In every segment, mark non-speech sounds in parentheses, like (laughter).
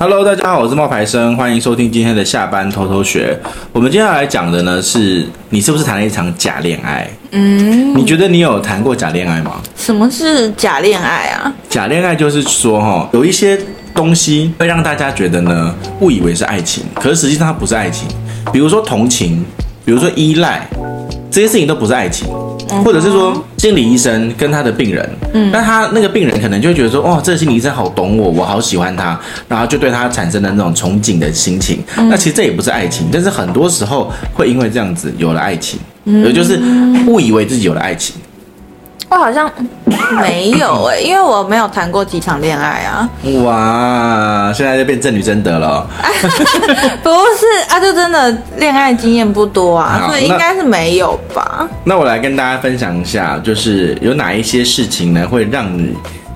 Hello，大家好，我是冒牌生，歡迎收聽今天的下班偷偷學。我們接下來講的呢，是你是不是談了一場假戀愛？嗯，你覺得你有談過假戀愛嗎？什麼是假戀愛啊？假戀愛就是說哈、哦，有一些東西會讓大家覺得呢，誤以為是愛情，可是實際上它不是愛情。比如說同情，比如說依賴，這些事情都不是愛情。或者是說，okay，心理醫生跟他的病人，嗯，那他那個病人可能就會覺得說，哇，這個心理醫生好懂我，我好喜歡他，然後就對他產生了那種憧憬的心情。嗯，那其實這也不是愛情，但是很多時候會因為這樣子有了愛情，嗯，也就是誤以為自己有了愛情。我好像沒有哎、欸， (coughs) 因為我沒有談過幾場戀愛啊。哇，現在就變正女正德了？ (laughs) (laughs) 不是啊，就真的戀愛經驗不多啊，所以應該是沒有吧。那，那我來跟大家分享一下，就是有哪一些事情呢，會讓你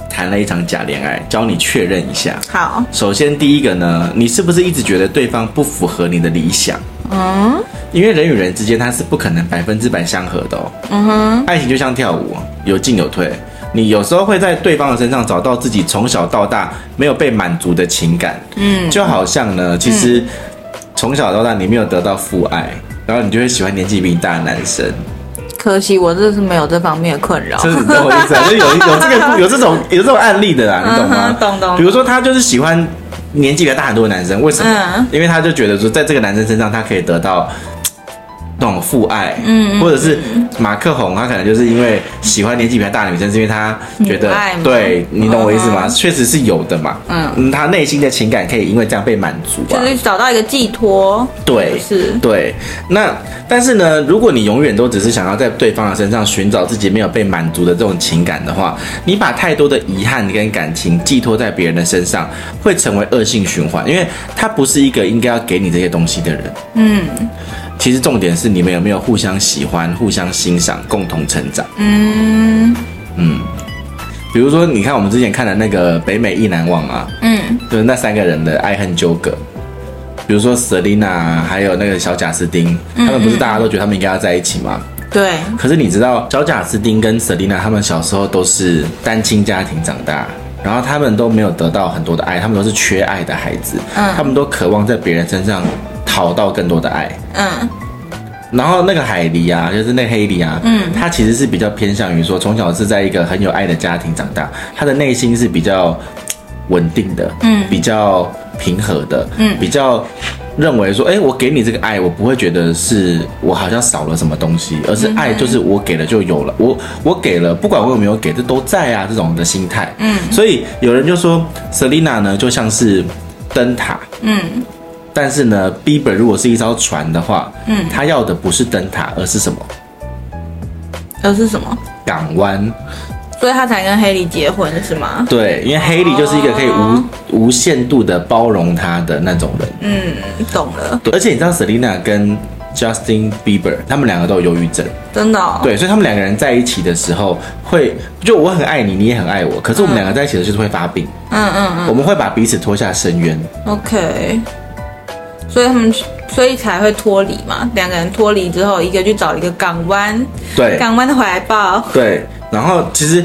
談了一場假戀愛？教你確認一下。好，首先第一個呢，你是不是一直覺得對方不符合你的理想？嗯，因為人與人之間他是不可能百分之百相合的哦。嗯哼，愛情就像跳舞。有進有退，你有時候會在對方的身上找到自己從小到大沒有被滿足的情感，嗯，就好像呢，其實從小到大你沒有得到父愛，嗯、然後你就會喜歡年紀比你大的男生。可惜我這是沒有這方面的困擾，這、就是懂我意思啊，就有有這個有這種有這種案例的啦、啊，你懂嗎？嗯、懂懂，懂。比如說他就是喜歡年紀比他大很多的男生，為什麼？嗯、因為他就覺得說，在這個男生身上他可以得到。這種父愛，嗯，嗯，或者是馬克宏，他可能就是因為喜歡年紀比較大的女生，是因為他覺得，愛對你懂我意思嗎？哦，確實是有的嘛，嗯，嗯，他內心的情感可以因為這樣被滿足啊，就是找到一個寄託。對，是，是，對。那但是呢，如果你永遠都只是想要在對方的身上尋找自己沒有被滿足的這種情感的話，你把太多的遺憾跟感情寄託在別人的身上，會成為惡性循環，因為他不是一個應該要給你這些東西的人，嗯。其實重點是你們有沒有互相喜歡、互相欣賞、共同成長？嗯嗯，比如說，你看我們之前看的那個《北美意難忘》啊，嗯，就是那三個人的愛恨糾葛。比如說 Selina，還有那個小賈斯汀，他們不是大家都覺得他們應該要在一起嗎？嗯、對。可是你知道，小賈斯汀跟 Selina，他們小時候都是單親家庭長大，然後他們都沒有得到很多的愛，他們都是缺愛的孩子。嗯。他們都渴望在別人身上。討到更多的愛，嗯，然後那個海狸啊，就是那黑狸啊，嗯，它其實是比較偏向於說，從小是在一個很有愛的家庭長大，他的內心是比較穩定的，嗯，比較平和的，嗯，比較認為說，哎、欸，我給你這個愛，我不會覺得是我好像少了什麼東西，而是愛就是我給了就有了，嗯、我我給了，不管我有沒有給，這都在啊，這種的心態，嗯，所以有人就說，Selina 呢就像是燈塔，嗯。但是呢，Bieber 如果是一艘船的話，嗯，他要的不是燈塔，而是什麼？而是什麼？港灣。所以，他才跟 Haley 結婚是嗎？對，因為 Haley、哦、就是一個可以無無限度的包容他的那種人。嗯，懂了。而且你知道 Selena 跟 Justin Bieber 他們兩個都有憂鬱症，真的、哦。對，所以他們兩個人在一起的時候會，會就我很愛你，你也很愛我，可是我們兩個在一起的時候會發病。嗯嗯嗯。我們會把彼此拖下深淵。OK。所以他們，所以才會脫離嘛。兩個人脫離之後，一個去找一個港灣，對，港灣的懷抱。對，然後其實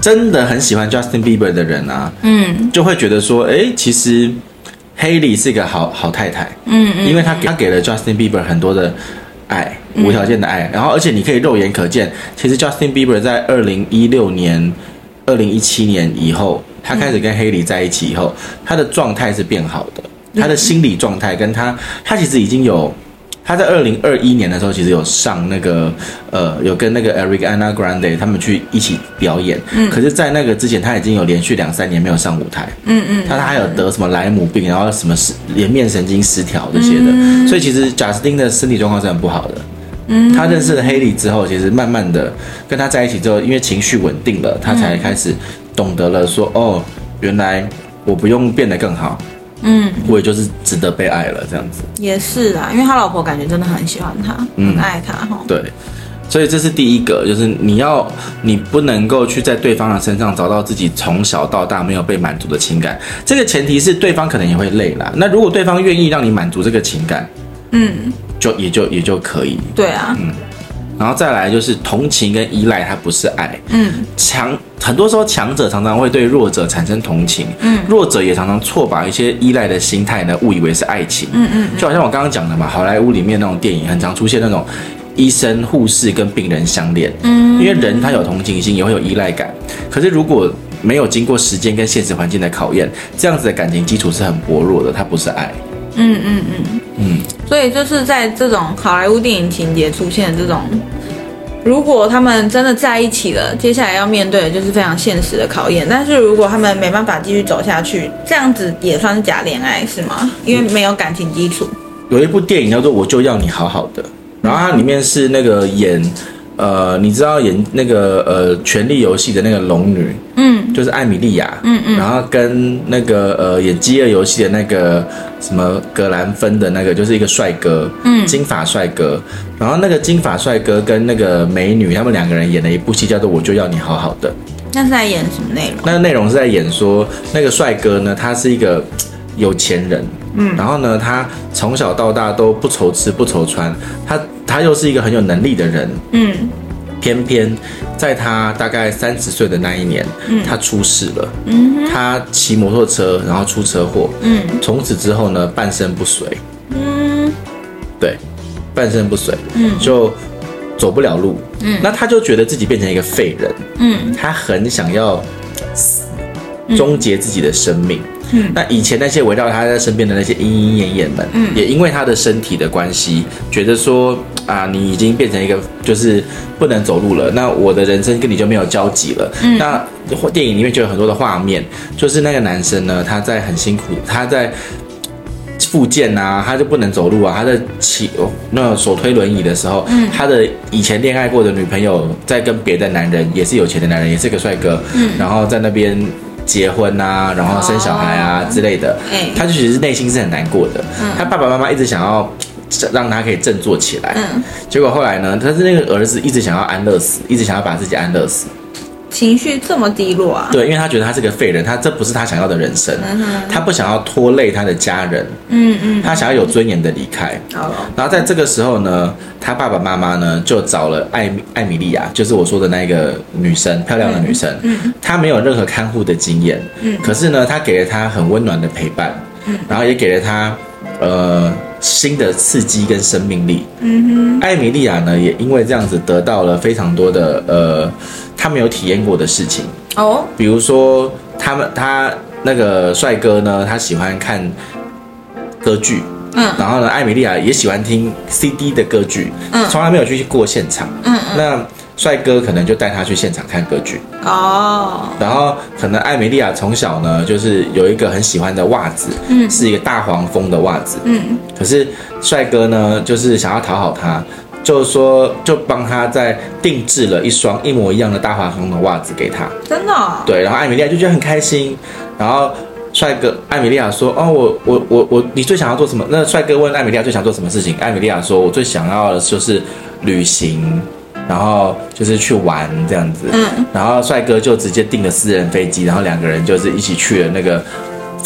真的很喜歡 Justin Bieber 的人啊，嗯，就會覺得說，誒、欸，其實黑莉是一個好好太太，嗯嗯，因為她給，她給了 Justin Bieber 很多的愛，無條件的愛。嗯、然後，而且你可以肉眼可見，其實 Justin Bieber 在二零一六年、二零一七年以後，他開始跟黑莉在一起以後，嗯、他的狀態是變好的。他的心理狀態跟他，他其實已經有，他在二零二一年的時候其實有上那個，呃，有跟那個 Ariana Grande 他們去一起表演。嗯。可是，在那個之前，他已經有連續兩三年沒有上舞台。嗯嗯。他還有得什麼萊姆病，然後什麼是顏面神經失調這些的。嗯。所以，其實賈斯汀的身體狀況是很不好的。嗯。他認識了黑莉之後，其實慢慢的跟他在一起之後，因為情緒穩定了，他才開始懂得了說，哦，原來我不用變得更好。嗯，我也就是值得被愛了，這樣子也是啊，因為他老婆感覺真的很喜歡他，嗯、很愛他哈、哦。對，所以這是第一個，就是你要你不能夠去在對方的身上找到自己從小到大沒有被滿足的情感。這個前提是對方可能也會累啦。那如果對方願意讓你滿足這個情感，嗯，就也就也就可以。對啊，嗯，然後再來就是同情跟依賴，它不是愛。嗯，強。很多時候，強者常常會對弱者產生同情，嗯，弱者也常常錯把一些依賴的心態呢，誤以為是愛情，嗯嗯，就好像我剛剛講的嘛，好萊塢裡面那種電影，很常出現那種醫生、護士跟病人相戀，嗯，因為人他有同情心，也會有依賴感，可是如果沒有經過時間跟現實環境的考驗，這樣子的感情基礎是很薄弱的，他不是愛，嗯嗯嗯嗯，所以就是在這種好萊塢電影情節出現的這種。如果他們真的在一起了，接下來要面對的就是非常現實的考驗。但是如果他們沒辦法繼續走下去，這樣子也算是假戀愛，是嗎？因為沒有感情基礎。嗯。有一部電影叫做《我就要你好好的》，然後它裡面是那個演，呃，你知道演那個呃《權力遊戲》的那個龍女。就是艾米莉亞，嗯嗯，然後跟那個呃演《飢餓遊戲》的那個什麼格蘭芬的那個，就是一個帥哥，嗯，金髮帥哥。然後那個金髮帥哥跟那個美女，他們兩個人演了一部戲叫做《我就要你好好的》。那是在演什麼內容？那個內容是在演說那個帥哥呢，他是一個有錢人，嗯，然後呢，他從小到大都不愁吃不愁穿，他他又是一個很有能力的人，嗯。偏偏在他大概三十歲的那一年、嗯，他出事了。嗯、他騎摩托車，然後出車禍。嗯、從此之後呢，半身不遂、嗯。對，半身不遂，嗯，就走不了路、嗯。那他就覺得自己變成一個廢人、嗯。他很想要、嗯、終結自己的生命。嗯，那以前那些圍繞他在身邊的那些鶯鶯燕燕們，嗯，也因為他的身體的關係，覺得說啊，你已經變成一個就是不能走路了，那我的人生跟你就沒有交集了。嗯，那電影裡面就有很多的畫面，就是那個男生呢，他在很辛苦，他在復健啊，他就不能走路啊，他在騎、哦、那手推輪椅的時候，嗯，他的以前戀愛過的女朋友在跟別的男人，也是有錢的男人，也是個帥哥，嗯，然後在那邊。結婚啊，然後生小孩啊、oh. 之類的，嗯、hey.，他就其實內心是很難過的，嗯、uh.，他爸爸媽媽一直想要讓他可以振作起來，嗯、uh.，結果後來呢，他是那個兒子一直想要安樂死，一直想要把自己安樂死。情緒這麼低落啊？對，因為他覺得他是個廢人，他這不是他想要的人生，他不想要拖累他的家人，嗯嗯，他想要有尊嚴的離開。好、嗯嗯、然後在這個時候呢，他爸爸媽媽呢就找了艾艾米莉亞，就是我說的那個女生，漂亮的女生，嗯，她、嗯、沒有任何看護的經驗，嗯，可是呢，她給了他很溫暖的陪伴，嗯，然後也給了他呃新的刺激跟生命力，嗯嗯、艾米莉亞呢也因為這樣子得到了非常多的呃。他沒有體驗過的事情哦，oh. 比如說，他們他那個帥哥呢，他喜歡看歌劇，嗯，然後呢，艾米莉亞也喜歡聽 CD 的歌劇，嗯，從來沒有去過現場，嗯嗯，那帥哥可能就帶他去現場看歌劇哦，oh. 然後可能艾米莉亞從小呢，就是有一個很喜歡的襪子，嗯，是一個大黃蜂的襪子，嗯，可是帥哥呢，就是想要討好他。就是說，就幫他在定製了一雙一模一樣的大華康的襪子給他，真的，哦？對，然後艾米莉亞就覺得很開心。然後，帥哥艾米莉亞說：“哦，我我我我，你最想要做什麼？”那帥哥問艾米莉亞最想做什麼事情。艾米莉亞說：“我最想要的就是旅行，然後就是去玩這樣子。”嗯。然後帥哥就直接訂了私人飛機，然後兩個人就是一起去了那個。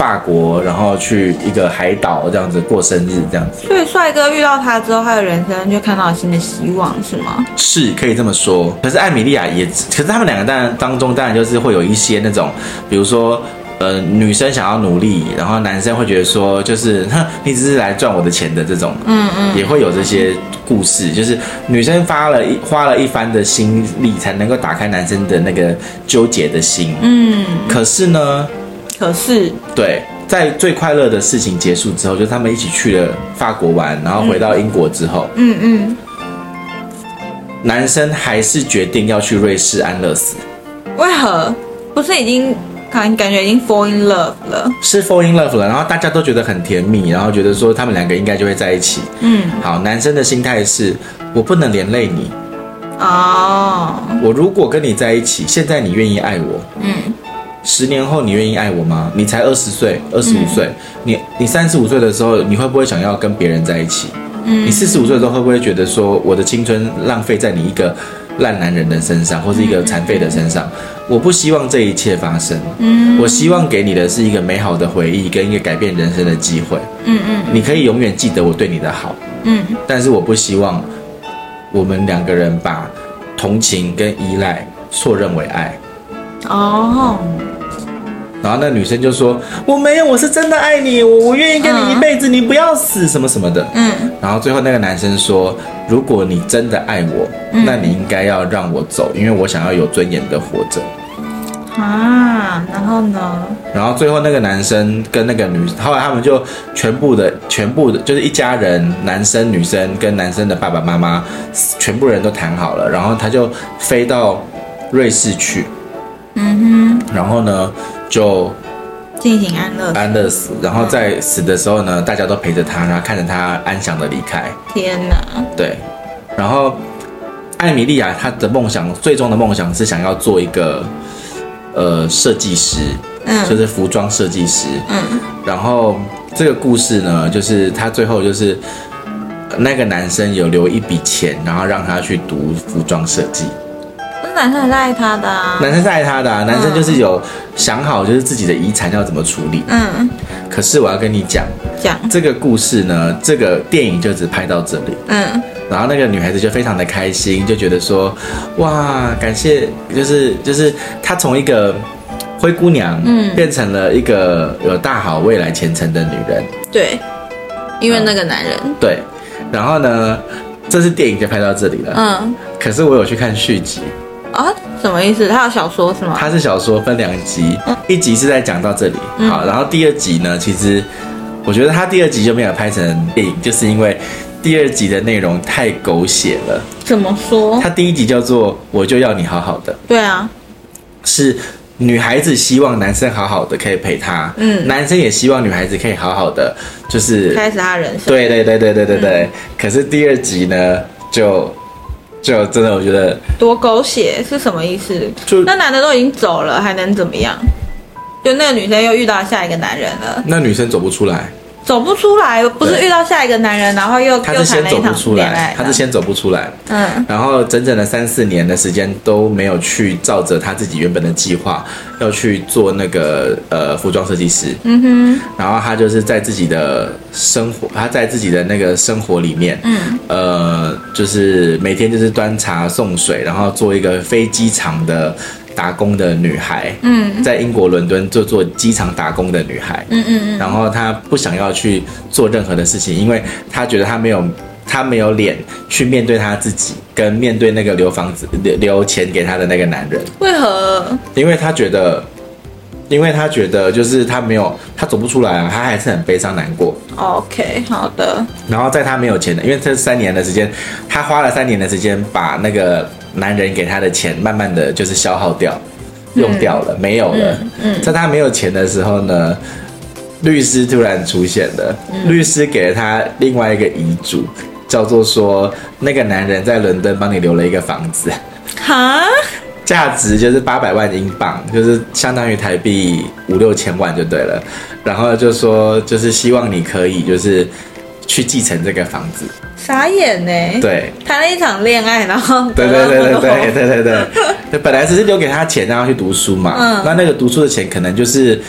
法國，然後去一個海島這樣子過生日，這樣子。所以，帥哥遇到她之後，他的人生就看到了新的希望，是嗎？是，可以這麼說。可是艾米莉亞也，可是他們兩個當然當中當然就是會有一些那種，比如說，呃，女生想要努力，然後男生會覺得說，就是哼，你只是來賺我的錢的這種，嗯嗯，也會有這些故事，就是女生發了一花了一番的心力才能夠打開男生的那個糾結的心，嗯，可是呢。可是，對，在最快樂的事情結束之後，就是他們一起去了法國玩，然後回到英國之後，嗯嗯，嗯，男生還是決定要去瑞士安樂死，為何？不是已經感感覺已經 fall in love 了？是 fall in love 了，然後大家都覺得很甜蜜，然後覺得說他們兩個應該就會在一起。嗯，好，男生的心態是，我不能連累你，哦，我如果跟你在一起，現在你願意愛我，嗯。十年後，你願意愛我嗎？你才二十歲，二十五歲，嗯、你你三十五歲的時候，你會不會想要跟別人在一起？嗯。你四十五歲的時候，會不會覺得說我的青春浪費在你一個爛男人的身上，或是一個殘廢的身上？嗯、我不希望這一切發生。嗯。我希望給你的是一個美好的回憶，跟一個改變人生的機會。嗯。嗯。你可以永遠記得我對你的好。嗯。但是我不希望我們兩個人把同情跟依賴錯認為愛。哦、oh. 嗯，然後那女生就說：“我沒有，我是真的愛你，我我願意跟你一輩子，uh. 你不要死什麼什麼的。”嗯，然後最後那個男生說：“如果你真的愛我，uh. 那你應該要讓我走，因為我想要有尊嚴的活着。”啊，然後呢？然後最後那個男生跟那個女，後來他們就全部的全部的就是一家人，男生女生跟男生的爸爸媽媽，全部人都談好了，然後他就飛到瑞士去。嗯哼，然後呢，就進行安樂安樂死，然後在死的時候呢、嗯，大家都陪着他，然後看着他安詳的離開。天哪！對，然後艾米莉亞她的夢想，最終的夢想是想要做一個呃設計師，嗯，就是服裝設計師，嗯。然後這個故事呢，就是她最後就是那個男生有留一筆錢，然後讓她去讀服裝設計。男生很愛她的，啊，男生是愛她的，啊，男生就是有想好就是自己的遺產要怎麼處理。嗯，可是我要跟你講講、啊、這個故事呢，這個電影就只拍到這裡。嗯，然後那個女孩子就非常的開心，就覺得說，哇，感謝就是就是她從一個灰姑娘，嗯，變成了一個有大好未來前程的女人。對，因為那個男人，嗯，對，然後呢，這次電影就拍到這裡了。嗯，可是我有去看續集。啊、哦，什麼意思？他有小說是嗎？他是小說分，分兩集，一集是在講到這裡、嗯，好，然後第二集呢，其實我覺得他第二集就沒有拍成電影，就是因為第二集的內容太狗血了。怎麼說？他第一集叫做《我就要你好好的》，對啊，是女孩子希望男生好好的可以陪她，嗯，男生也希望女孩子可以好好的，就是開始他人生，對對對對對對對,對,對、嗯，可是第二集呢就。就真的，我覺得多狗血是什麼意思？就那男的都已經走了，還能怎麼樣？就那個女生又遇到下一個男人了，那女生走不出來。走不出來，不是遇到下一個男人，然後又他是先走不出來，來，他是先走不出來，嗯，然後整整的三四年的時間都沒有去照着他自己原本的計劃要去做那個呃服裝設計師，嗯哼，然後他就是在自己的生活，他在自己的那個生活裡面，嗯，呃，就是每天就是端茶送水，然後做一個飛機場的。打工的女孩，嗯，在英國倫敦做做機場打工的女孩，嗯嗯嗯，然後她不想要去做任何的事情，因為她覺得她沒有，她沒有臉去面對她自己，跟面對那個留房子留錢給她的那個男人。為何？因為她覺得，因為她覺得就是她沒有，她走不出來啊，她還是很悲傷難過。哦，OK，好的。然後在她沒有錢的，因為這三年的時間，她花了三年的時間把那個。男人給他的錢，慢慢的就是消耗掉，用掉了，嗯、沒有了嗯。嗯，在他沒有錢的時候呢，律師突然出現了。嗯、律師給了他另外一個遺囑，叫做說那個男人在倫敦幫你留了一個房子，哈、嗯，價值就是八百萬英鎊，就是相當於台幣五六千萬就對了。然後就說，就是希望你可以，就是。去繼承這個房子，傻眼呢。對，談了一場戀愛，然後對對對對對對對, (laughs) 對，本來只是留給他錢，讓他去讀書嘛。嗯，那那個讀書的錢可能就是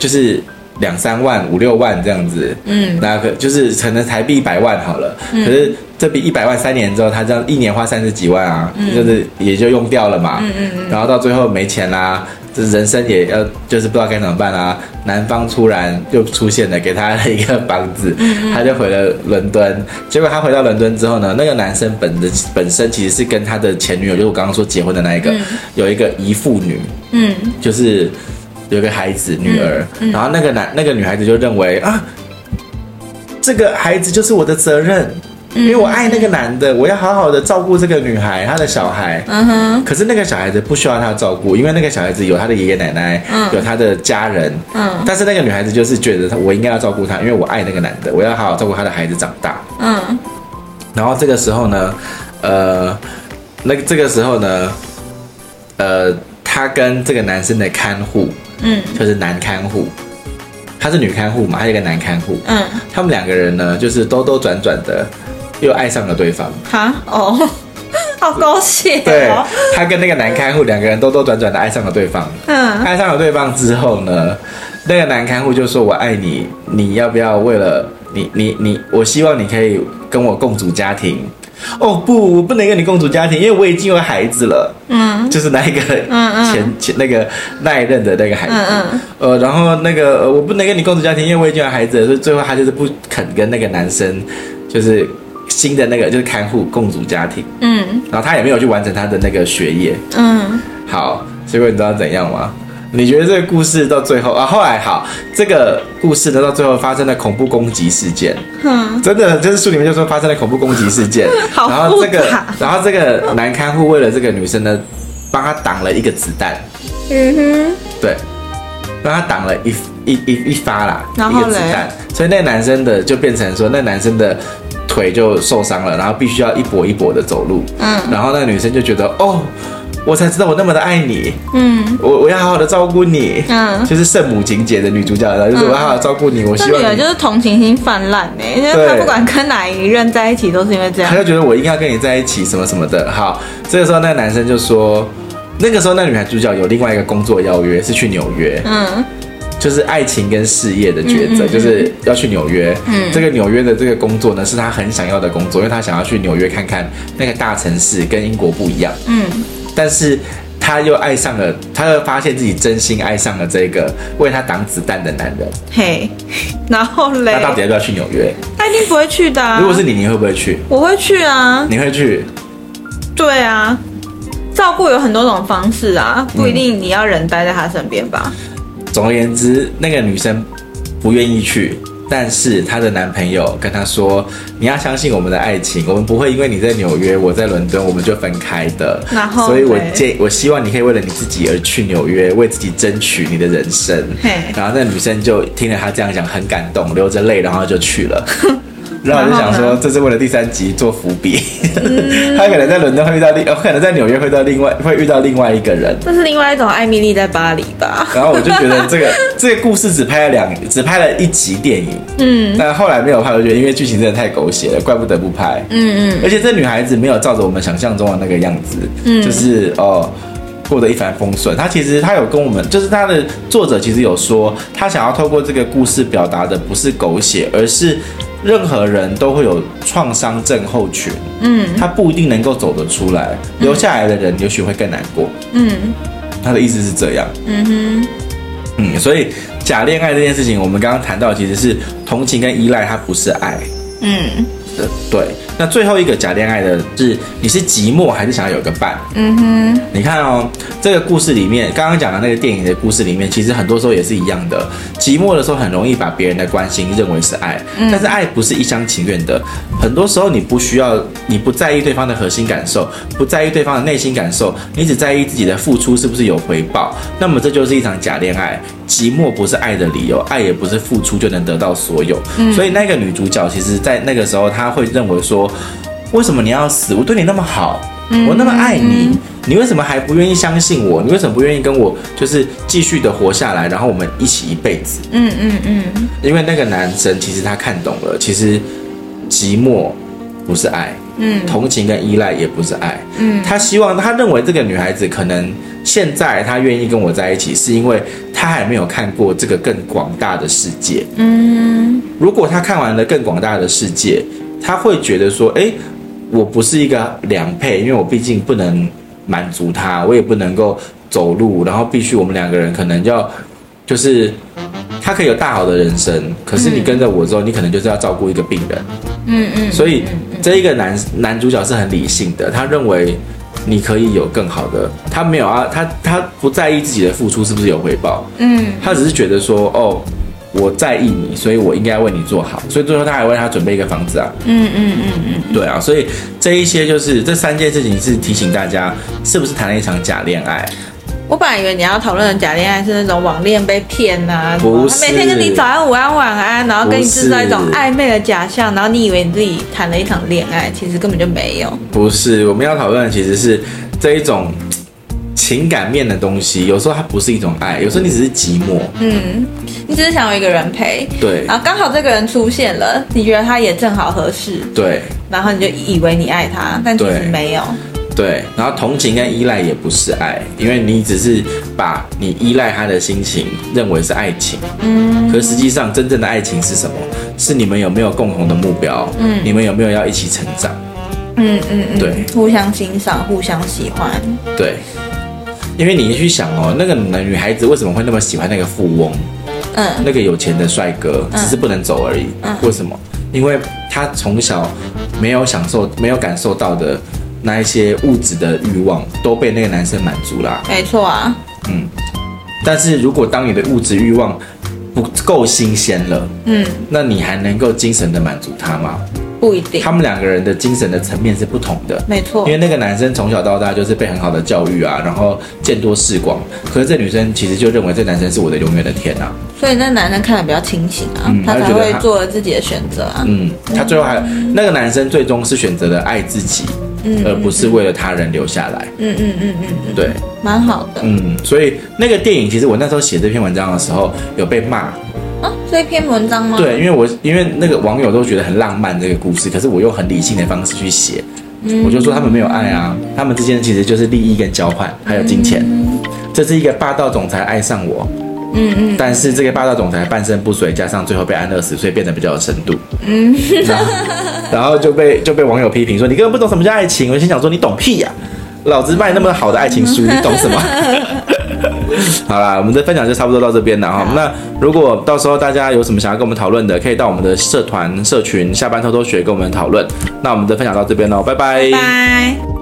就是兩三萬五六萬這樣子。嗯，那個就是可能台幣一百萬好了。嗯、可是這筆一百萬三年之後，他這樣一年花三十幾萬啊、嗯，就是也就用掉了嘛。嗯嗯嗯，然後到最後沒錢啦、啊。就是人生也要，就是不知道該怎麼辦啊！男方突然又出現了，給他一個房子，他就回了倫敦。結果他回到倫敦之後呢，那個男生本的本身其實是跟他的前女友，就是我剛剛說結婚的那一個，嗯、有一個遺腹女，嗯，就是有個孩子女兒。嗯嗯、然後那個男那個女孩子就認為啊，這個孩子就是我的責任。因為我愛那個男的，我要好好的照顧這個女孩，他的小孩。Uh -huh. 可是那個小孩子不需要他照顧，因為那個小孩子有他的爺爺奶奶，uh -huh. 有他的家人，uh -huh. 但是那個女孩子就是覺得我應該要照顧他，因為我愛那個男的，我要好好照顧他的孩子長大，uh -huh. 然後這個時候呢，呃，那個、這個時候呢，呃，他跟這個男生的看護，嗯、uh -huh.，就是男看護，他是女看護嘛，他是一個男看護，嗯、uh -huh.。他們兩個人呢，就是兜兜轉轉的。又愛上了對方哈，哦、huh? oh.， (laughs) 好高興、喔！對，他跟那個男看護兩個人兜兜轉轉的愛上了對方。嗯，愛上了對方之後呢，那個男看護就說：“我愛你，你要不要為了你、你、你？我希望你可以跟我共組家庭。”哦，不，我不能跟你共組家庭，因為我已經有孩子了。嗯，就是那一個前嗯，嗯前前那個那一任的那個孩子。嗯，嗯呃，然後那個我不能跟你共組家庭，因為我已經有孩子了，所以最後他就是不肯跟那個男生，就是。新的那個就是看護共組家庭，嗯，然後他也沒有去完成他的那個學業，嗯，好，所以你知道怎樣嗎？你覺得這個故事到最後啊，後來好，這個故事呢到最後發生了恐怖攻擊事件，嗯，真的就是書裡面就說發生了恐怖攻擊事件，嗯，然後這個然後這個男看護為了這個女生呢，幫他擋了一個子彈，嗯哼，對，幫他擋了一一一,一發啦，然後一個子彈，所以那個男生的就變成說那男生的。腿就受傷了，然後必須要一跛一跛的走路。嗯，然後那個女生就覺得，哦，我才知道我那麼的愛你。嗯，我我要好好的照顧你。嗯，就是聖母情結的女主角，她、嗯、後就是我要好好照顧你。我希望你就是同情心泛濫，因為她不管跟哪一任在一起都是因為這樣。她就覺得我應該要跟你在一起，什麼什麼的。好，這個時候那個男生就說，那個時候那個女孩主角有另外一個工作邀約，是去紐約。嗯。就是愛情跟事業的抉擇，嗯嗯嗯，就是要去紐約。嗯，這個紐約的這個工作呢，是他很想要的工作，因為他想要去紐約看看那個大城市跟英國不一樣。嗯，但是他又愛上了，他又發現自己真心愛上了這個為他擋子彈的男人。嘿，然後嘞，他到底要不要去紐約？他一定不會去的，啊。如果是你，你會不會去？我會去啊。你會去？對啊，照顧有很多種方式啊，不一定你要人待在他身邊吧。嗯。總而言之，那個女生不願意去，但是她的男朋友跟她說：“你要相信我們的愛情，我們不會因為你在紐約，我在倫敦，我們就分開的。然後所以，我建我希望你可以為了你自己而去紐約，為自己爭取你的人生。”對，然後，那女生就聽了她這樣講，很感動，流着淚，然後就去了。 (laughs) 然後我就想說，這是為了第三集做伏筆。 (laughs) 他可能在倫敦會遇到另，可能在紐約會到另外，會遇到另外一個人。這是另外一種艾蜜莉在巴黎吧。然後我就覺得這個 (laughs) 這個故事只拍了兩，只拍了一集電影。嗯。但後來沒有拍，我覺得因為劇情真的太狗血了，怪不得不拍。嗯嗯。而且這女孩子沒有照着我們想象中的那個樣子。嗯。就是哦。過得一帆風順，他其實他有跟我們，就是他的作者其實有說，他想要透過這個故事表達的不是狗血，而是任何人都會有創傷症候群，嗯，他不一定能夠走得出來，留下來的人也許會更難過，嗯，他的意思是這樣，嗯哼，嗯，所以假戀愛這件事情，我們剛剛談到其實是同情跟依賴，它不是愛，嗯。的對，那最後一個假戀愛的是，你是寂寞還是想要有個伴？嗯哼，你看哦，這個故事裡面剛剛講的那個電影的故事裡面，其實很多時候也是一樣的。寂寞的時候很容易把別人的關心認為是愛，嗯，但是愛不是一廂情願的。很多時候你不需要，你不在意對方的核心感受，不在意對方的內心感受，你只在意自己的付出是不是有回報。那麼這就是一場假戀愛。寂寞不是愛的理由，愛也不是付出就能得到所有。嗯、所以那個女主角其實在那個時候她。他會認為說，為什麼你要死？我對你那麼好，嗯、我那麼愛你，嗯，你為什麼還不願意相信我？你為什麼不願意跟我就是繼續的活下來？然後我們一起一輩子。嗯嗯嗯。因為那個男生其實他看懂了，其實寂寞不是愛，嗯，同情跟依賴也不是愛，嗯。他希望他認為這個女孩子可能現在他願意跟我在一起，是因為他還沒有看過這個更廣大的世界。嗯，如果他看完了更廣大的世界，他會覺得說，誒，我不是一個良配，因為我畢竟不能滿足他，我也不能夠走路，然後必須我們兩個人可能就要，就是他可以有大好的人生，可是你跟着我之後，嗯、你可能就是要照顧一個病人，嗯嗯，嗯，所以這一個男男主角是很理性的，他認為你可以有更好的，他沒有啊，他他不在意自己的付出是不是有回報，嗯，他只是覺得說，哦。我在意你，所以我應該為你做好。所以最後他還為他準備一個房子啊。嗯嗯嗯嗯，對啊。所以這一些就是這三件事情，是提醒大家是不是談了一場假戀愛？我本來以為你要討論的假戀愛是那種網戀被騙啊，不是他每天跟你早安午安晚安，啊，然後跟你制造一種曖昧的假象，然後你以為你自己談了一場戀愛，其實根本就沒有。不是我們要討論的，其實是這一種情感面的東西，有時候它不是一種愛，有時候你只是寂寞。嗯，嗯，你只是想有一個人陪。對，然後剛好這個人出現了，你覺得他也正好合適。對。然後你就以為你愛他，但其實沒有。對。對，然後同情跟依賴也不是愛，因為你只是把你依賴他的心情認為是愛情。嗯。可實際上，真正的愛情是什麼？是你們有沒有共同的目標？嗯。你們有沒有要一起成長？嗯嗯嗯。對。互相欣賞，互相喜歡。對。因為你一去想哦，那個男女孩子為什麼會那麼喜歡那個富翁，嗯，那個有錢的帥哥，嗯、只是不能走而已。為、嗯、什麼？因為他從小沒有享受、沒有感受到的那一些物質的慾望，都被那個男生滿足啦、啊。沒錯啊，嗯。但是如果當你的物質慾望不夠新鮮了，嗯，那你還能夠精神的滿足他嗎？不一定，他們兩個人的精神的層面是不同的，沒錯。因為那個男生從小到大就是被很好的教育啊，然後見多識廣。可是這女生其實就認為這男生是我的永遠的天吶、啊。所以那男生看得比較清醒啊、嗯，他才會做了自己的選擇啊。嗯，他最後還、嗯、那個男生最終是選擇了愛自己嗯嗯嗯，而不是為了他人留下來。嗯嗯嗯嗯、嗯，對，蠻好的。嗯，所以那個電影其實我那時候寫這篇文章的時候有被罵。啊，所以這一篇文章嗎？對，因為我因為那個網友都覺得很浪漫這個故事，可是我用很理性的方式去寫、嗯，我就說他們沒有愛啊，他們之間其實就是利益跟交換，還有金錢、嗯。這是一個霸道總裁愛上我，嗯嗯，但是這個霸道總裁半身不遂，加上最後被安樂死，所以變得比較有深度。嗯，然後然後就被就被網友批評說 (laughs) 你根本不懂什麼叫愛情，我心想說你懂屁呀、啊，老子賣那麼好的愛情書，嗯、你懂什麼？ (laughs) (laughs) 好啦，我們的分享就差不多到這邊了哈、嗯。那如果到時候大家有什麼想要跟我們討論的，可以到我們的社團社群下班偷偷學跟我們討論。那我們的分享到這邊嘍，拜拜。拜拜。